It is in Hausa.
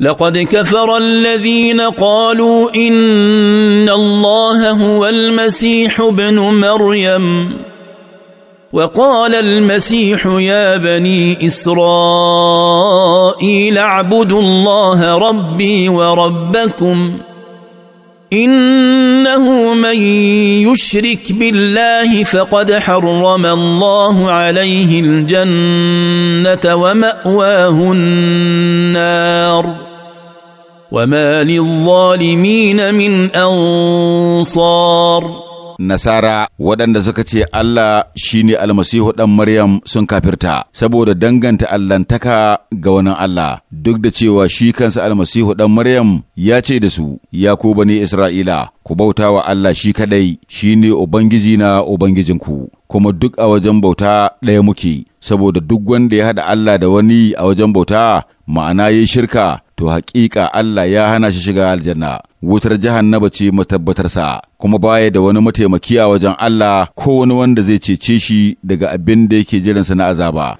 لقد كفر الذين قالوا ان الله هو المسيح ابن مريم وقال المسيح يا بني اسرائيل اعبدوا الله ربي وربكم انه من يشرك بالله فقد حرم الله عليه الجنه وماواه النار وما للظالمين من أنصار Nasara waɗanda suka ce Allah shi ne almasihu ɗan Maryam sun kafirta saboda danganta Allahntaka ga wani Allah duk da cewa shi kansa almasihu ɗan Maryam ya ce da su ya ku bani Isra'ila ku bauta wa Allah shi kaɗai shi ne Ubangiji na Ubangijinku kuma duk a wajen bauta ɗaya muke saboda duk wanda ya haɗa Allah da wani a wajen bauta ma'ana ya shirka to haƙiƙa Allah ya hana shi shiga aljanna wutar jahannaba ce sa, kuma baya da wani mataimaki a wajen Allah ko wani wanda zai cece shi daga abin da yake jiransa na azaba